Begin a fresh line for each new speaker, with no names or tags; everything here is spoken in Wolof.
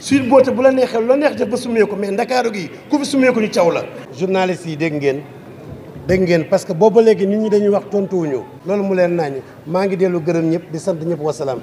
Sweet Beauté bu la neexee lu la neex def ba sumee ko mais ndakaaru gi ku fi sumee ko ñu caw la. journaliste yi dégg ngeen dégg ngeen parce que booba léegi nit ñi dañuy wax tontuwuñu loolu mu leen naa ñu maa ngi dellu gërëm ñëpp di sant ñëpp wasalaam.